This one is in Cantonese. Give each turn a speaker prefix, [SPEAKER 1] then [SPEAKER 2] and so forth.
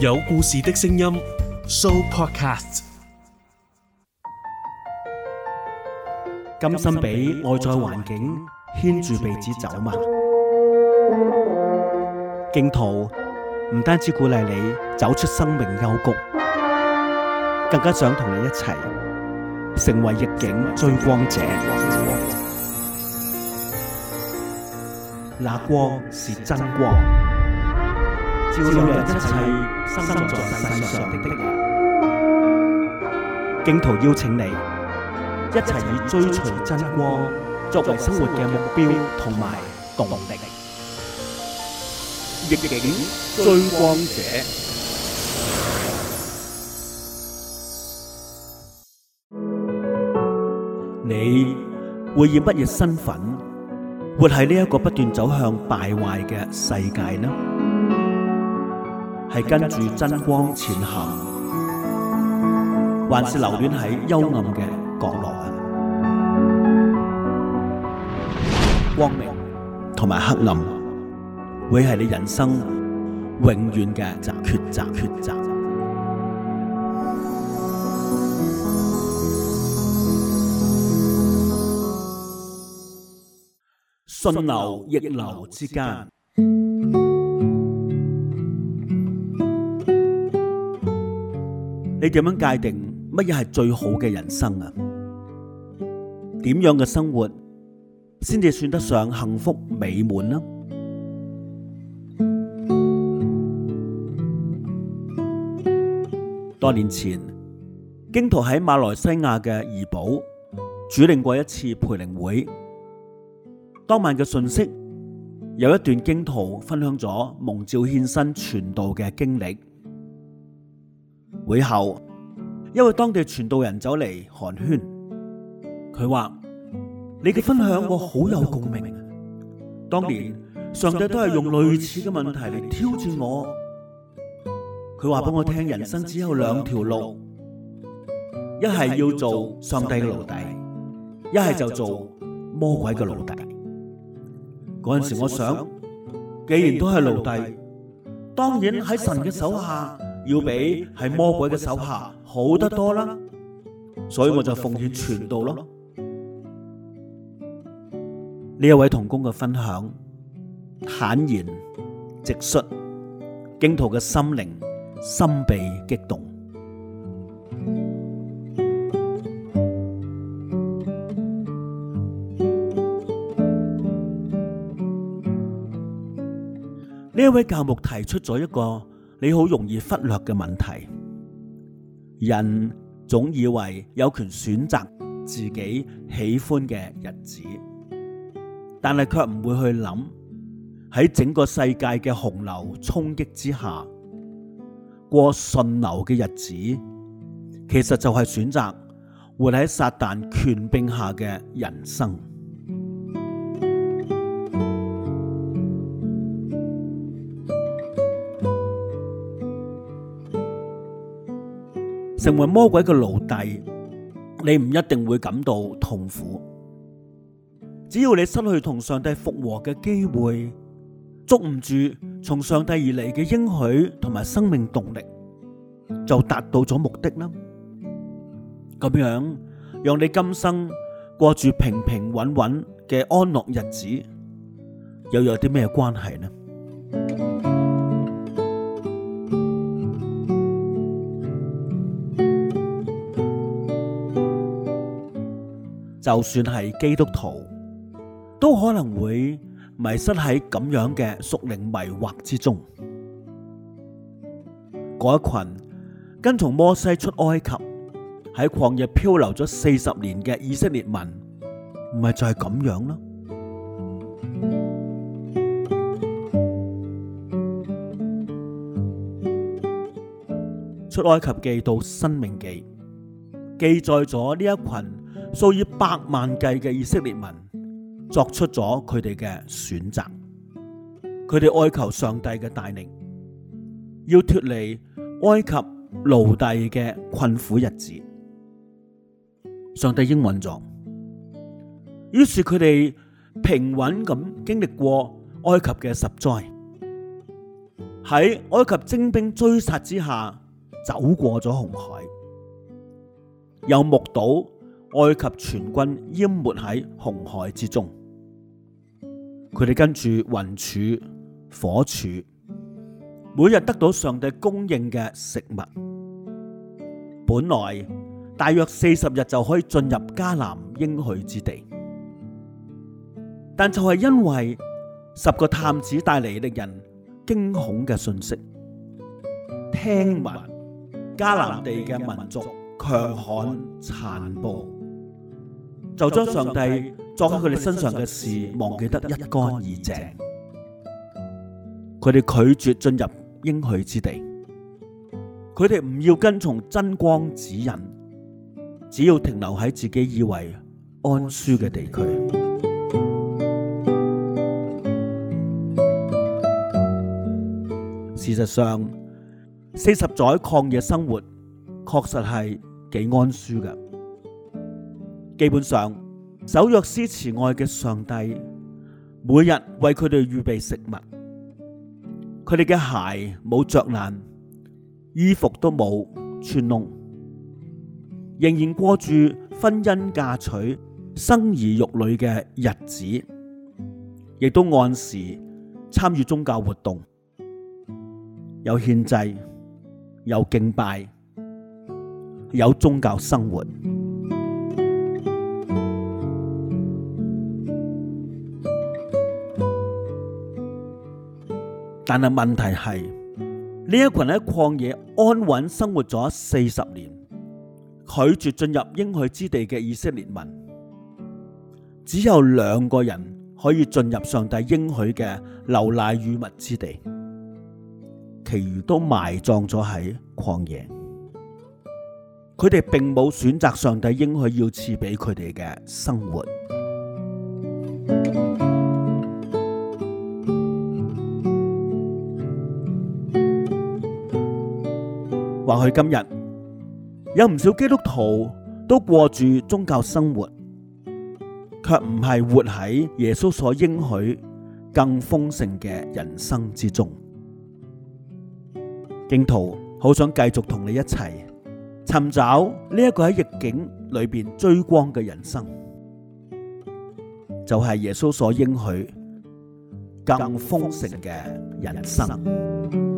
[SPEAKER 1] 有故事的聲音，Sooopodcast。甘心俾外在環境牽住鼻子走嗎？荊徒唔單止鼓勵你走出生命幽谷，更加想同你一齊成為逆境追光者。那光是真光。照亮一切生在世上的人，荊徒邀請你一齊以追隨真光作為生活嘅目標同埋動力。逆境追光者，你會以乜嘢身份活喺呢一個不斷走向敗壞嘅世界呢？跟住真光前行，還是留戀喺幽暗嘅角落？光明同埋黑暗，會係你人生永遠嘅抉擇。抉擇。順流逆流之間。你點樣界定乜嘢係最好嘅人生啊？點樣嘅生活先至算得上幸福美滿呢？多年前，荊徒喺馬來西亞嘅怡保主領過一次培靈會，當晚嘅訊息有一段荊徒分享咗蒙召獻身傳道嘅經歷。會後，一位當地傳道人走嚟寒暄，佢話：你嘅分享我好有共鳴。當年上帝都係用類似嘅問題嚟挑戰我，佢話俾我聽：人生只有兩條路，一係要做上帝嘅奴隸，一係就做魔鬼嘅奴隸。嗰陣時我想，既然都係奴隸，當然喺神嘅手下。要比喺魔鬼嘅手下好得多啦，所以我就奉獻全道咯。呢一位同工嘅分享，坦然直述荊徒嘅心靈，心被激動。呢一位教牧提出咗一個你好容易忽略嘅問題，人總以為有權選擇自己喜歡嘅日子，但係卻唔會去諗，喺整個世界嘅洪流衝擊之下，過順流嘅日子，其實就係選擇活喺撒但權柄下嘅人生。成為魔鬼嘅奴隸，你唔一定會感到痛苦。只要你失去同上帝復和嘅機會，捉唔住從上帝而嚟嘅應許同埋生命動力，就達到咗目的啦。咁樣讓你今生過住平平穩穩嘅安樂日子，又有啲咩關係呢？就算係基督徒，都可能會迷失喺咁樣嘅屬靈迷惑之中。嗰一群跟從摩西出埃及喺曠野漂流咗四十年嘅以色列民，唔係就係、是、咁樣咯。出埃及記到申命記記載咗呢一群。數以百萬計嘅以色列民作出咗佢哋嘅選擇，佢哋哀求上帝嘅帶領，要脱離埃及奴隸嘅困苦日子。上帝應允咗，於是佢哋平穩咁經歷過埃及嘅十災，喺埃及精兵追殺之下走過咗紅海，有目睹。埃及全軍淹沒喺紅海之中，佢哋跟住雲柱、火柱，每日得到上帝供應嘅食物。本來大約四十日就可以進入迦南應許之地，但就係因為十個探子帶嚟令人驚恐嘅信息，聽聞迦南地嘅民族強悍殘暴。就將上帝作喺佢哋身上嘅事忘記得一乾二淨，佢哋拒絕進入應許之地，佢哋唔要跟從真光指引，只要停留喺自己以為安舒嘅地區。事實上，四十載曠野生活確實係幾安舒㗎。基本上，守約施慈愛嘅上帝，每日為佢哋預備食物，佢哋嘅鞋冇着爛，衣服都冇穿窿，仍然過住婚姻嫁娶、生兒育女嘅日子，亦都按時參與宗教活動，有獻祭，有敬拜，有宗教生活。但係問題係，呢一群喺曠野安穩生活咗四十年，拒絕進入應許之地嘅以色列民，只有兩個人可以進入上帝應許嘅流奶與蜜之地，其餘都埋葬咗喺曠野。佢哋並冇選擇上帝應許要賜俾佢哋嘅生活。或許今日有唔少基督徒都過住宗教生活，卻唔係活喺耶穌所應許更豐盛嘅人生之中。荊徒好想繼續同你一齊尋找呢一個喺逆境裏邊追光嘅人生，就係耶穌所應許更豐盛嘅人生。